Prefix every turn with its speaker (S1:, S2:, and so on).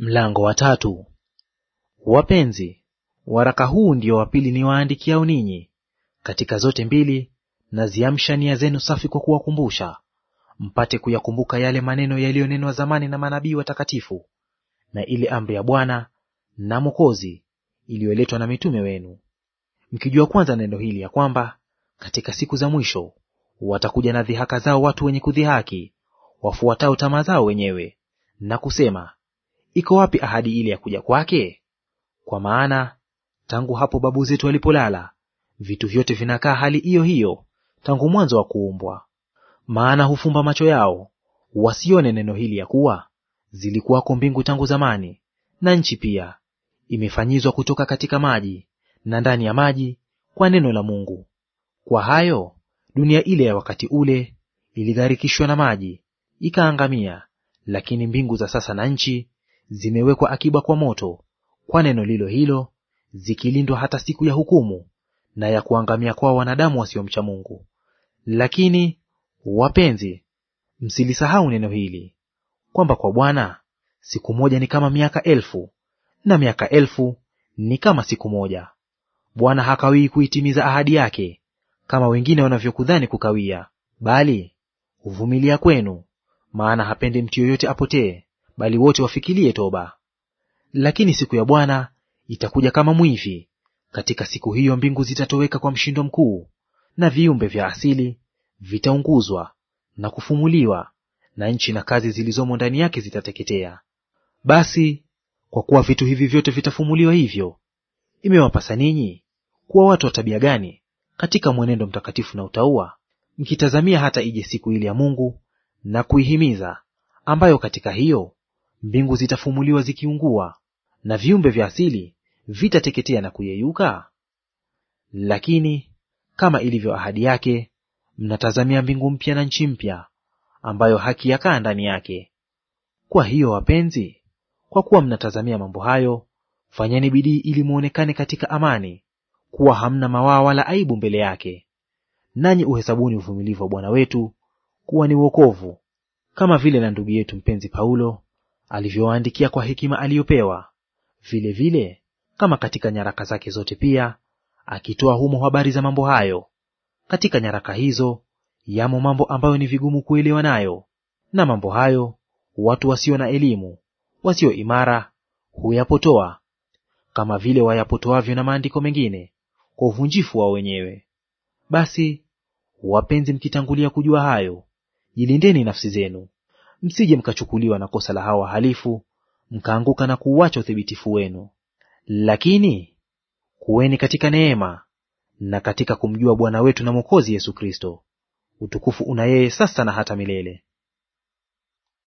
S1: Mlango wa tatu. Wapenzi, waraka huu ndio wa pili niwaandikiao ninyi; katika zote mbili naziamsha nia zenu safi kwa kuwakumbusha, mpate kuyakumbuka yale maneno yaliyonenwa zamani na manabii watakatifu, na ile amri ya Bwana na Mwokozi iliyoletwa na mitume wenu, mkijua kwanza neno hili, ya kwamba katika siku za mwisho watakuja na dhihaka zao watu wenye kudhihaki, wafuatao tamaa zao wenyewe, na kusema iko wapi ahadi ile ya kuja kwake? Kwa maana tangu hapo babu zetu walipolala, vitu vyote vinakaa hali hiyo hiyo tangu mwanzo wa kuumbwa. Maana hufumba macho yao wasione neno hili ya kuwa zilikuwako mbingu tangu zamani, na nchi pia imefanyizwa kutoka katika maji na ndani ya maji, kwa neno la Mungu. Kwa hayo dunia ile ya wakati ule iligharikishwa na maji ikaangamia, lakini mbingu za sasa na nchi zimewekwa akiba kwa moto, kwa neno lilo hilo, zikilindwa hata siku ya hukumu na ya kuangamia kwa wanadamu wasiomcha Mungu. Lakini wapenzi, msilisahau neno hili kwamba kwa Bwana siku moja ni kama miaka elfu, na miaka elfu ni kama siku moja. Bwana hakawii kuitimiza ahadi yake, kama wengine wanavyokudhani kukawia, bali huvumilia kwenu, maana hapendi mtu yoyote apotee, bali wote wafikilie toba. Lakini siku ya Bwana itakuja kama mwivi; katika siku hiyo mbingu zitatoweka kwa mshindo mkuu, na viumbe vya asili vitaunguzwa na kufumuliwa, na nchi na kazi zilizomo ndani yake zitateketea. Basi kwa kuwa vitu hivi vyote vitafumuliwa hivyo, imewapasa ninyi kuwa watu wa tabia gani katika mwenendo mtakatifu na utaua mkitazamia hata ije siku ile ya Mungu na kuihimiza, ambayo katika hiyo mbingu zitafumuliwa zikiungua, na viumbe vya asili vitateketea na kuyeyuka? Lakini kama ilivyo ahadi yake, mnatazamia mbingu mpya na nchi mpya, ambayo haki yakaa ndani yake. Kwa hiyo wapenzi, kwa kuwa mnatazamia mambo hayo, fanyeni bidii ili mwonekane katika amani, kuwa hamna mawaa wala aibu mbele yake. Nanyi uhesabuni uvumilivu wa Bwana wetu kuwa ni wokovu, kama vile na ndugu yetu mpenzi Paulo alivyowaandikia kwa hekima aliyopewa, vile vile kama katika nyaraka zake zote pia, akitoa humo habari za mambo hayo. Katika nyaraka hizo yamo mambo ambayo ni vigumu kuelewa nayo, na mambo hayo watu wasio na elimu, wasio imara huyapotoa, kama vile wayapotoavyo na maandiko mengine kwa uvunjifu wao wenyewe. Basi wapenzi, mkitangulia kujua hayo, jilindeni nafsi zenu msije mkachukuliwa na kosa la hawa wahalifu, mkaanguka na kuuacha uthibitifu wenu. Lakini kuweni katika neema na katika kumjua Bwana wetu na Mwokozi Yesu Kristo. Utukufu una yeye sasa na hata milele.